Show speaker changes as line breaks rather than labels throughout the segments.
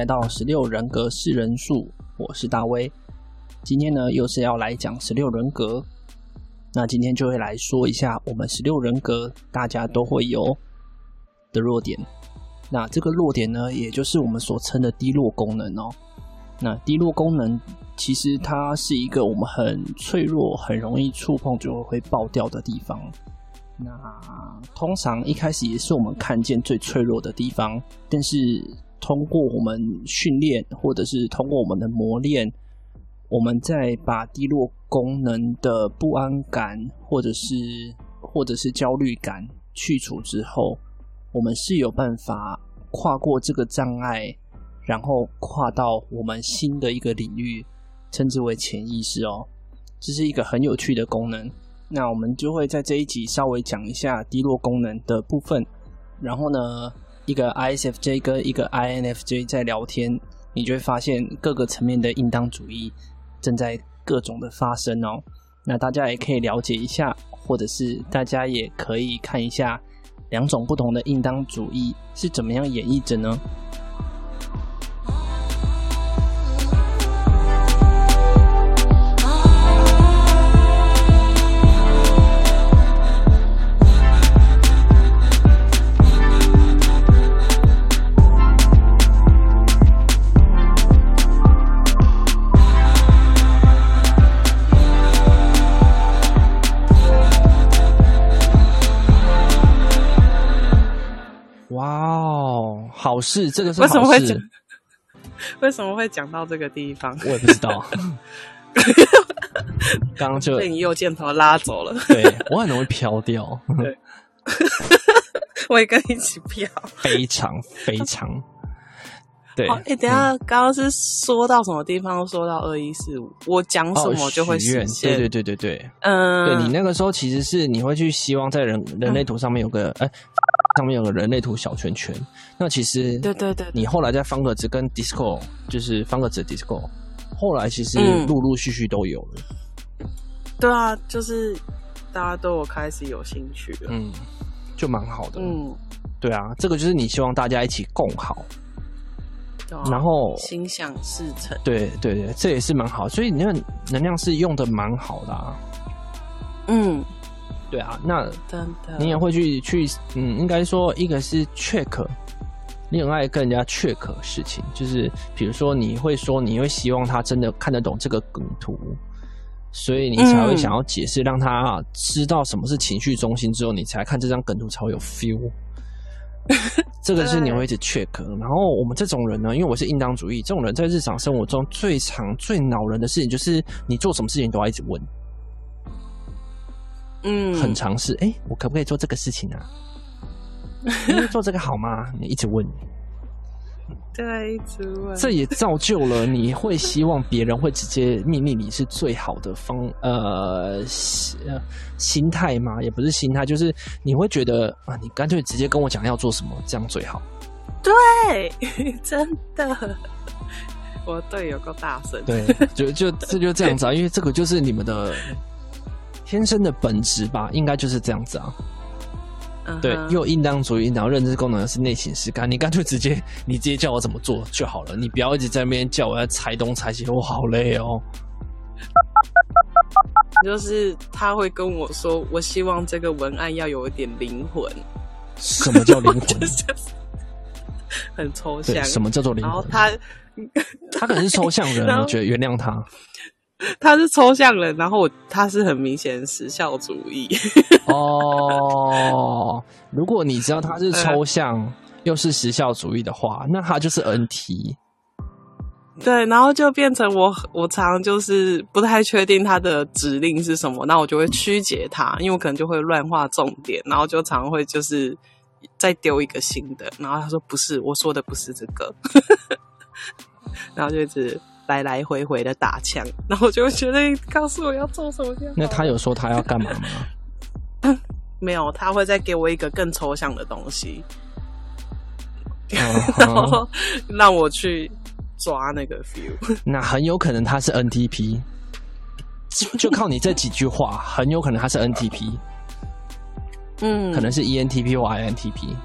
來到十六人格四人數，我是大威。今天呢，又是要來講十六人格。那今天就會來說一下我們十六人格大家都會有的弱點。那這個弱點呢，也就是我們所稱的低落功能哦。那低落功能其實它是一個我們很脆弱、很容易觸碰就會會爆掉的地方。那通常一開始也是我們看見最脆弱的地方，但是。通過我們訓練，或者是通過我們的磨練，我們再把低落功能的不安感，或者是或者是焦慮感去除之後，我們是有辦法跨過這個障礙，然後跨到我們新的一個領域，稱之為潛意識哦。這是一個很有趣的功能。那我們就會在這一集稍微講一下低落功能的部分，然後呢？一個 ISFJ 跟一個 INFJ 在聊天，你就會發現各個層面的應當主義正在各種的發生哦、喔。那大家也可以了解一下，或者是大家也可以看一下兩種不同的應當主義是怎麼樣演繹着呢？是這個是，為什麼會
為什麼會講到這個地方？我也不知道。 剛剛就被你右箭頭拉走了。對，
我很容易飄掉。 對，
我也跟你一起飄。
非常非常對。哎、哦
欸，等下、嗯，剛剛是說到什麼地方？說到二一四五，我講什麼就會選、哦。對對
對對對。嗯，對，你那個時候其實是你會去希望在人人類圖上面有個哎。嗯上面有個人類圖小圈圈，那其實對對對，你後來在方格子跟 Discord 就是方格子 Discord 後來其實陸陸續續都有了，
嗯。對啊，就是大家都有開始有興趣
了，嗯，就蠻好的，嗯，對啊，這個就是你希望大家一起共好，
啊，然後心想事成，
對對對，這也是蠻好，所以你那能量是用的蠻好的啊，
嗯。對啊，那你也
會去去，嗯，應該說一個是 check，你很愛跟人家 check 的事情，就是比如說你會說你會希望他真的看得懂這個梗圖，所以你才會想要解釋，讓他知道什麼是情緒中心之後，你才看這張梗圖才會有 feel。 這個是你會一直 check，然後我們這種人呢，因為我是應當主義，這種人在日常生活中最常最惱人的事情就是你做什麼事情都要一直問。嗯，很常是。哎、欸，我可不可以做這個事情啊？你做這個好嗎？你一直問。
對，一直問。這也
造就了你會希望別人會直接命令你是最好的方呃心心態嗎？也不是心態，就是你會覺得啊，你乾脆直接跟我講要做什麼，這樣最好。
對，真的。我的隊友有夠大聲。對，
就就這就這樣子啊，因為這個就是你們的。天生的本質吧，應該就是這樣子啊。Uh -huh. 對，又應當主義，然後認知功能的是內省實感，你乾脆直接，你直接叫我怎麼做就好了，你不要一直在那邊叫我在猜東猜西，我好累哦。
就是他會跟我說，我希望這個文案要有一點靈魂。什麼叫靈魂？ 很抽象。什麼叫做靈魂？他， 他可能是抽象人，我 然後
覺得原諒他。
他是抽象人，然後他是很明顯時效主義。
哦、 oh,，如果你知道他是抽象、嗯、又是時效主義的話，那他就是 NT。
對，然後就變成我，我常就是不太確定他的指令是什麼，那我就會曲解他，因為我可能就會亂畫重點，然後就常會就是再丟一個新的，然後他說不是，我說的不是這個， 然後就一直。來來回回的打槍，然後就會覺得你告訴我要做什麼樣。那他有說他要幹嘛嗎？ 沒有，他會再給我一個更抽象的東西，uh -huh. 然後讓我去抓那個 feel。
那很有可能他是 NTP 就 就靠你這幾句話，很有可能他是 NTP 嗯
，uh -huh. 可
能是 ENTP 或 INTP。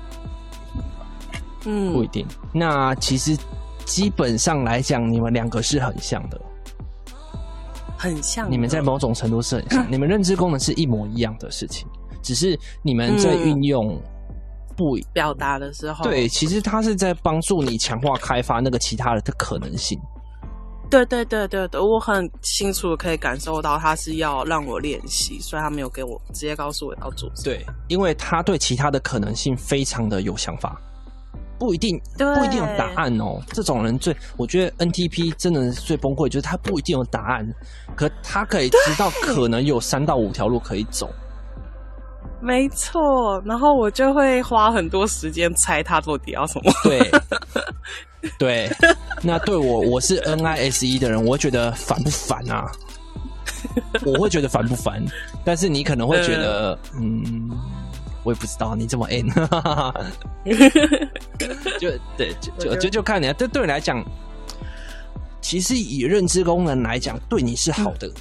嗯、uh -huh.，不一
定。那其實。基本上來講，你們兩個是很像的，
很像的。你們
在某種程度是很像，嗯，你們認知功能是一模一樣的事情，只是你們在運用
不，嗯、表達的時候。對，
其實他是在幫助你強化開發那個其他的的可能性。
對對對對對，我很清楚可以感受到他是要讓我練習，所以他沒有給我直接告訴我要做什麼。對，
因為他對其他的可能性非常的有想法。不一定，
不一定有答
案哦。這種人最，我覺得 NTP 真的是最崩潰，就是他不一定有答案，可他可以知道可能有三到五條路可以走。
沒錯，然後我就會花很多時間猜他到底要什麼。對，
對，那對我我是 NISE 的人，我覺得煩不煩啊？ 我會覺得煩不煩？但是你可能會覺得，嗯。嗯我也不知道你怎麼 N 哈哈哈， 就對，就就就，就看你，這對，對你來講，其實以認知功能來講，對你是好的，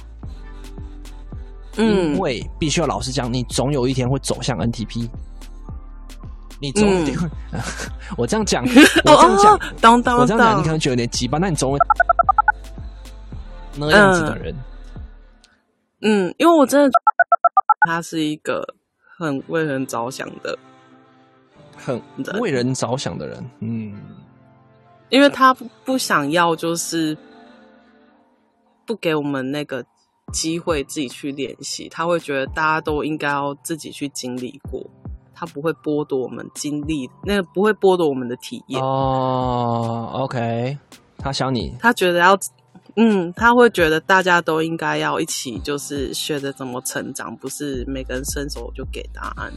嗯，
因為
必須要老實講，你總有一天會走向 NTP，你總有一天會、嗯，我這樣講，我這樣講，當當，我這樣講，你可能覺得有點急吧？那你
總會那樣子的人，嗯，嗯，因為我真的覺得他是一個。很為人着想的，很為人着想的人，嗯，因為他不想要，就是不給我們那個機會自己去練習，他會覺得大家都應該要自己去經歷過，他不會剝奪我們經歷，那個不會剝奪我們的體驗哦。OK，他想你，他覺得要。嗯，他會覺得大家都應該要一起，就是學着怎麼成長，不是每個人伸手就給答案。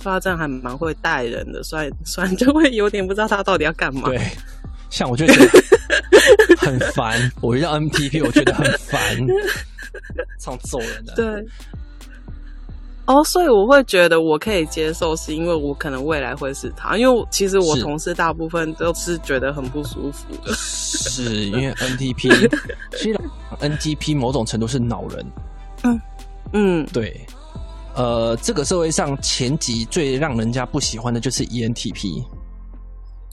他這樣還蠻會帶人的，所以所以就會有點不知道他到底要幹嘛。對，像我就覺得
很煩， 我遇到 NTP 我覺得很煩，唱 揍
人的。對。哦、oh，所以我會覺得我可以接受，是因為我可能未來會是他，因為其實我同事大部分都是覺得很不舒服的
是。 是，因為 NTP 雖然 NTP 某種程度是惱人，嗯嗯，對，呃，這個社會上前幾最讓人家不喜歡的就是 ENTP。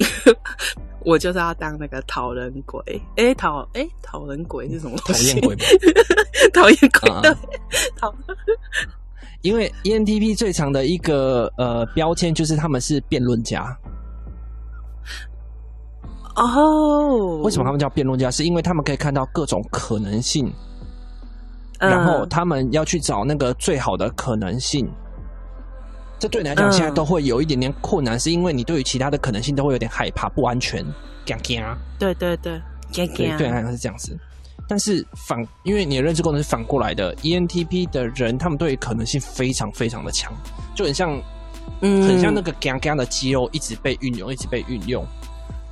我就是要當那個討人鬼，哎討哎討人鬼是什麼東西討厭鬼吧？
討 厭鬼對，
討、uh -uh.
因為 ENTP 最常的一個呃標籤就是他們是辯論家。
哦、oh.，
為什麼他們叫辯論家？是因為他們可以看到各種可能性
，uh. 然後他
們要去找那個最好的可能性。這對你來講現在都會有一點點困難，uh. 是因為你對於其他的可能性都會有點害怕，不安全尷尬啊？
對對對尷尬對，好像，啊，
是這樣子。但是反，因為你的認知功能是反過來的，ENTP 的人他們對於可能性非常非常的強，就很像，嗯，很像那個 gang gang 的肌肉一直被運用，一直被運用，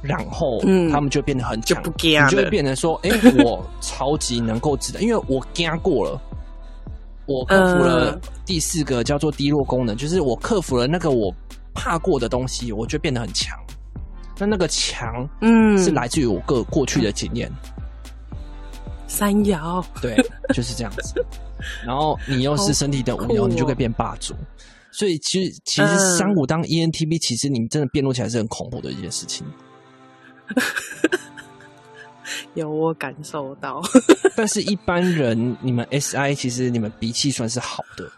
然後，嗯，他們就，就變得很強，你就會變成說，哎、欸，我超級能夠知道， 因為我 gang 過了，我克服了第四個叫做低落功能、嗯，就是我克服了那個我怕過的東西，我就變得很強。那那個強，嗯，是來自於我個過去的經驗。
三爻 對，
就是這樣子。然後你又是身體的五爻、喔，你就可以變霸主。
所以其實
其實三五當 ENTP，、嗯、其實你們真的辯論起來是很恐怖的一件事情。
有我感受到。
但是一般人，你們 SI 其實你們脾氣算是好的。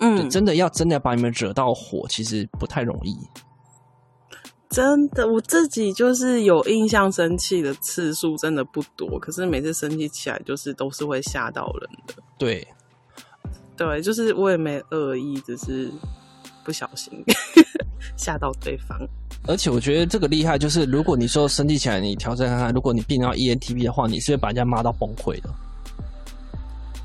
嗯，就真的要真的把你們惹到火，其實不太容易。
真的，我自己就是有印象生氣的次數真的不多，可是每次生氣起來就是都是會嚇到人的。對，對，就是我也沒惡意，只是不小心嚇 到對方。
而且我覺得這個厲害，就是如果你說生氣起來，你調整看看，如果你病到 ENTP 的話，你是會把人家罵到崩潰的。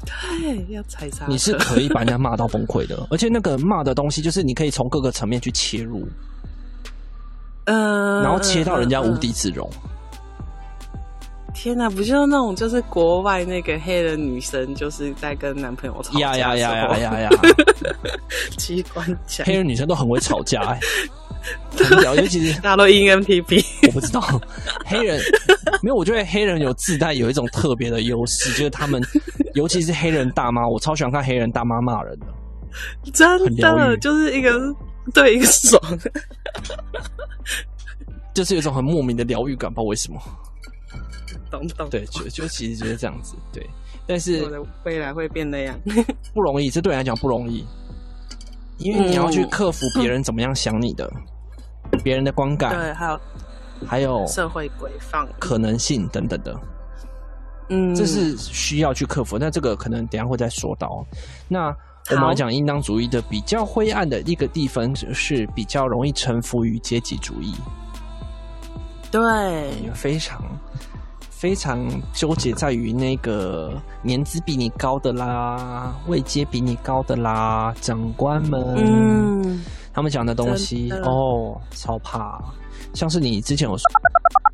對，要踩殺你是可以把人
家罵到崩潰的， 而且那個罵的東西就是你可以從各個層面去切入。
嗯、呃，然後切到人家無地自容、呃。天哪，不就是那種就是國外那個黑人女生，就是在跟男朋友吵架，呀呀呀呀呀呀！機關槍，黑人
女生都很會吵架、欸
對，尤其是大家都 ENTP， 我不知道黑人
沒有，我覺得黑人有自帶有一種特別的優勢，就是他們尤其是黑人大媽，我超喜歡看黑人大媽罵人的，真的
就是一個。對，一個爽
就是有一種很莫名的療癒感，不知道為什麼。懂懂，懂。對，就
就其實就是這樣子。對，但是我的未來會變那樣、
啊、 不容易，這對你來講不容易，因為你要去克服別人怎麼樣想你的，別、嗯、人的觀感，對，還有還有社
會規範、
可能性等等的。嗯，
這是
需要去克服。那這個可能等一下會再說到。那。我們來講，應當主義的比較灰暗的一個地方，就是比較容易臣服於階級主義。
對，
嗯、非常非常糾結，在於那個年資比你高的啦，位階比你高的啦，長官們，嗯、他們講的東西的哦，超怕。像是你之前有說，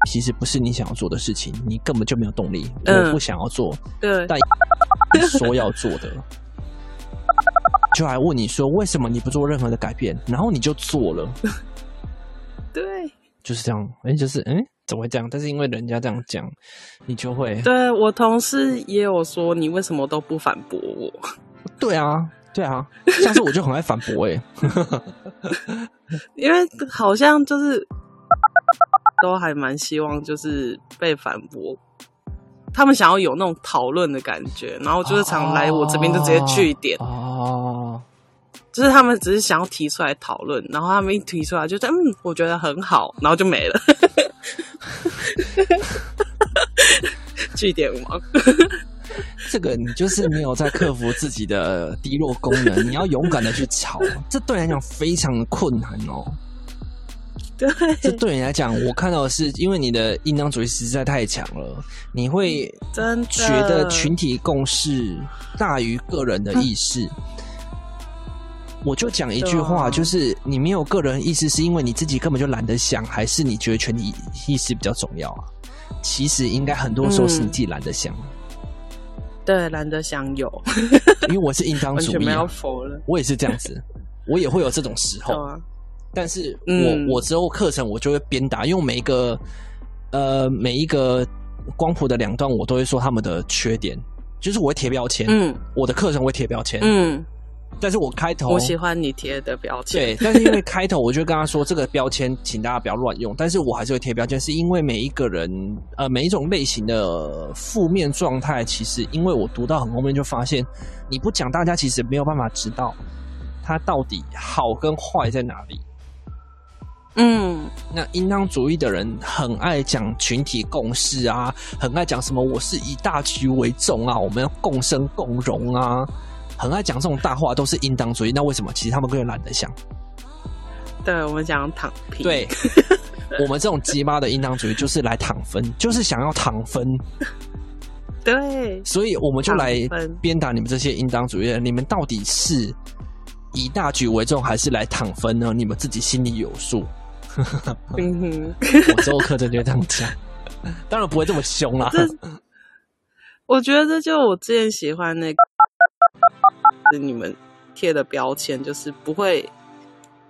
其實不是你想要做的事情，你根本就沒有動力，嗯、我不想要做，對，但說要做的。 就來問你說，為什麼你不做任何的改變，然後你就做了，
對，
就是這樣。誒、欸、就是誒、欸、怎麼會這樣？但是因為人家這樣講，你就會。
對我同事也有說，你為什麼都不反駁我？
對啊，對啊，下次我就很愛反駁哎、
欸， 因為好像就是都還蠻希望就是被反駁。他們想要有那種討論的感覺，然後就是常來我這邊就直接句點哦，就是他們只是想要提出來討論，然後他們一提出來就覺得嗯，我覺得很好，然後就沒了句 點王，
這個你就是沒有在克服自己的低落功能，你要勇敢的去吵，這對你來講非常的困難哦。對這對你來講，我看到的是，因為你的應當主義實在太強了，你會覺得群體共識大於個人的意識。嗯。我就講一句話，就是你沒有個人意識，是因為你自己根本就懶得想，還是你覺得群體意識比較重要啊？其實應該很多時候是你自己懶得想。嗯、
對，懶得想有，
因為我是應當主義。啊，我也是這樣子，我也會有這種時候。但是我、嗯、我之後課程我就會鞭打，因為每一個呃每一個光譜的兩段，我都會說他們的缺點，就是我會貼標籤。嗯，我的課程我會貼標籤。
嗯，
但是我開頭我喜
歡你貼的標籤。對，但是因為
開頭我就跟他說 這個標籤，請大家不要亂用。但是我還是會貼標籤，是因為每一個人呃每一種類型的負面狀態，其實因為我讀到很後面就發現，你不講大家其實沒有辦法知道他到底好跟壞在哪裡。嗯，那應當主義的人很愛講群體共識啊，很愛講什麼我是以大局為重啊，我們要共生共榮啊，很愛講這種大話，都是應當主義。那為什麼？其實他們根本懶得想。
對，我們講躺平。對，
我們這種機掰的應當主義就是來躺分，就是想要躺分。 對，所以我們就來鞭打你們這些應當主義的人，你們到底是以大局為重還是來躺分呢？你們自己心裡有數。
嗯哼，
我周克真就這樣講，當然不會這麼兇了。
我覺得這就我之前喜歡那個，你們貼的標籤，就是不會，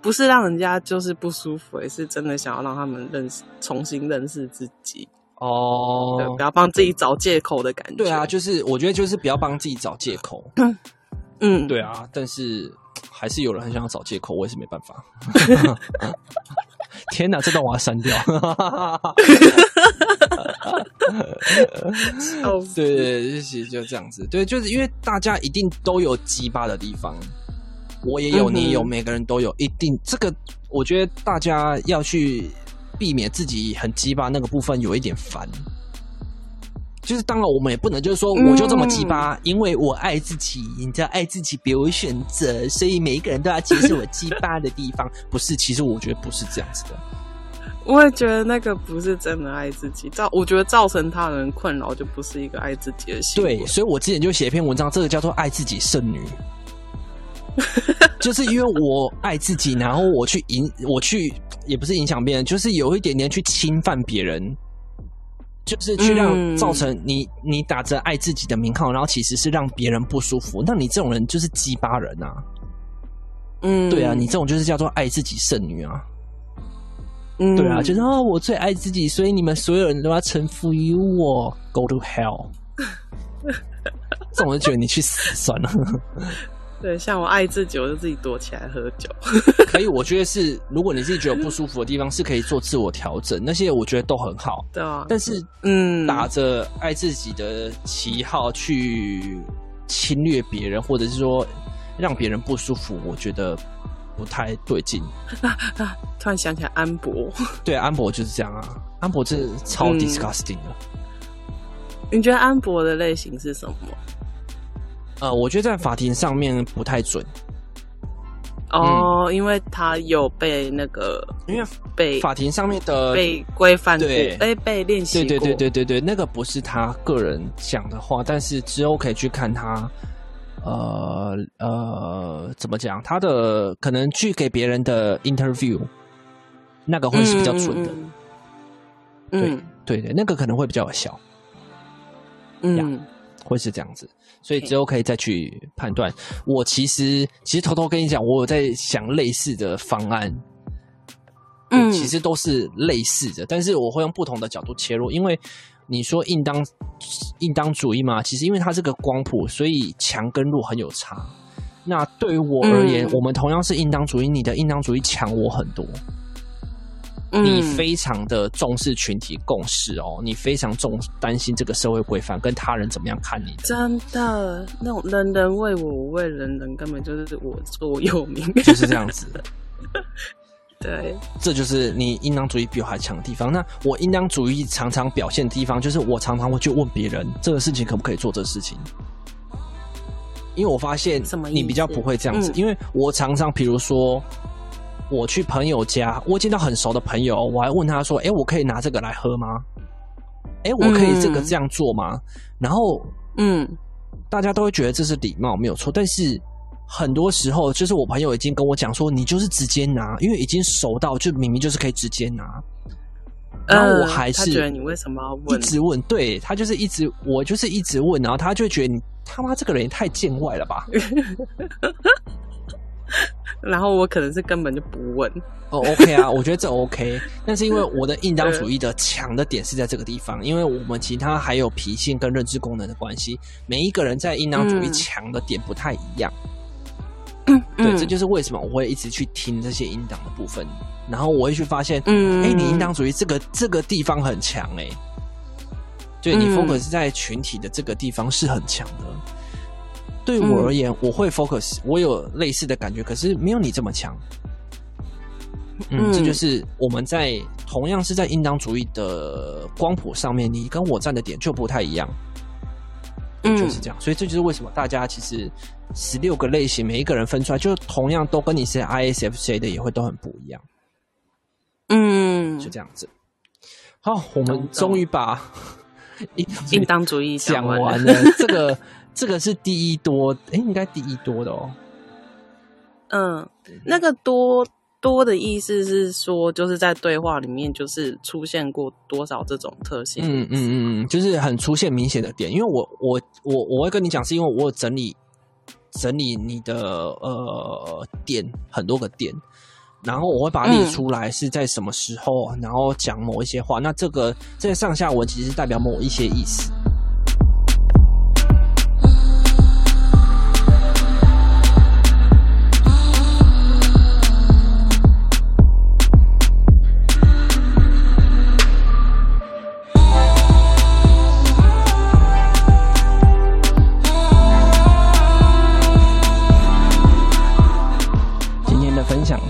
不是讓人家就是不舒服，也是真的想要讓他們認識，重新認識自己、oh。哦
，okay，對，不要幫自己找借口的感覺。對啊，就是我覺得就是不要幫自己找借口。 嗯，對啊，但是還是有人很想要找借口，我也是沒辦法。 天哪，這段我要刪掉。哈哈哈。對對， 對 就其實就這樣子。對，就是因為大家一定都有雞巴的地方，我也有，嗯、你也有，每個人都有。一定這個，我覺得大家要去避免自己很雞巴那個部分，有一點煩。就是當然，我們也不能就是說，我就這麼雞巴，嗯，因為我愛自己。你知道，愛自己別無選擇，所以每一個人都要檢視我雞巴的地方。 不是，其實我覺得不是這樣子的。
我也覺得那個不是真的愛自己。造，我覺得造成他人困擾就不是一個愛自己的事。對，
所以我之前就寫一篇文章，這個叫做“愛自己聖女”， 就是因為我愛自己，然後我去影，我去也不是影響別人，就是有一點點去侵犯別人。
就是去讓造成
你、嗯、你打着愛自己的名號，然後其實是讓別人不舒服。那你這種人就是雞巴人啊！嗯，
對啊，你這
種就是叫做愛自己聖女啊！嗯、對啊，就是啊，我最愛自己，所以你們所有人都要臣服於我。Go to hell！ 這種人覺得你去死算了。
對，像我愛自己，我就自己躲起來喝酒。 可以，我覺得是，
如果你自己覺得不舒服的地方，是可以做自我調整，那些我覺得都很好。
對啊，但是，
嗯，打着愛自己的旗號去侵略別人，或者是說讓別人不舒服，我覺得不太對勁。啊，
啊，突然想起來安柏，
對，安柏就是這樣啊，安柏這超 disgusting 的。嗯。
你覺得安柏的類型是什麼？
呃，我覺得在法庭上面不太準
哦、oh, 嗯，因為他有被那個，因為被法庭上面的被規範，對，欸、被被練習，對對對對
對對，那個不是他個人講的話，但是之後可以去看他，呃呃，怎麼講，他的可能去給別人的 interview，那個會是比較準的、嗯嗯嗯對，對對對，那個可能會比較有效，嗯，yeah, 會是這樣子。所以之後可以再去判斷。Okay. 我其實其實偷偷跟你講，我有在想類似的方案，嗯，嗯，其實都是類似的，但是我會用不同的角度切入。因為你說應當應當主義嘛，其實因為它是個光譜，所以強跟弱很有差。那對於我而言，嗯，我們同樣是應當主義，你的應當主義強我很多。你非常的重視群體共識哦，嗯、你非常重擔心這個社會規範跟他人怎麼樣看你的。
真的，那種“人人為我，我為人人”，根本就是我座右銘。 就是這樣子，
對。這就是你應當主義比我還強的地方。那我應當主義常常表現的地方，就是我常常會去問別人這個事情，可不可以做這個事情。因為我發現，你比較不會這樣子，嗯、因為我常常，比如說。我去朋友家，我見到很熟的朋友，我還問他說：“哎、欸，我可以拿這個來喝嗎？哎、欸，我可以這個這樣做嗎、嗯？”然後，嗯，大家都會覺得這是禮貌，沒有錯。但是很多時候，就是我朋友已經跟我講說：“你就是直接拿，因為已經熟到就明明就是可以直接拿。
呃”然後我還是覺得你為什麼一
直問，對，他就是一直，我就是一直問，然後他就會覺得你他媽這個人也太見外了吧。
然後我可能是根本就不問哦、oh,，OK 啊， 我
覺得這 OK，但是因為我的應當主義的強的點是在這個地方，因為我們其他還有脾性跟認知功能的關係，每一個人在應當主義強的點不太一樣、嗯嗯。對，這就是為什麼我會一直去聽這些應當的部分，然後我會去發現，嗯，哎、欸，你應當主義這個這個地方很強、欸，誒。對，你風格是在群體的這個地方是很強的。對我而言、嗯，我會 focus，我有類似的感覺，可是沒有你這麼強。
嗯，嗯，這就是
我們在同樣是在應當主義的光譜上面，你跟我站的點就不太一樣。
嗯，就是這樣，
所以這就是為什麼大家其實十六個類型，每一個人分出來，就同樣都跟你是 ISFC 的也會都很不一樣。嗯，就這樣子。好，我們終於把、嗯、 應當主義講完了。這個。這個是第一多，誒應該第一多的
哦。嗯，那個多多的意思是說，就是在對話裡面就是出現過多少這種特性。嗯嗯
嗯，就是很出現明顯的點。因為我我我我會跟你講，是因為我有整理整理你的呃點很多個點，然後我會把它理出來是在什麼時候、嗯，然後講某一些話。那這個在、這個、上下文其實代表某一些意思。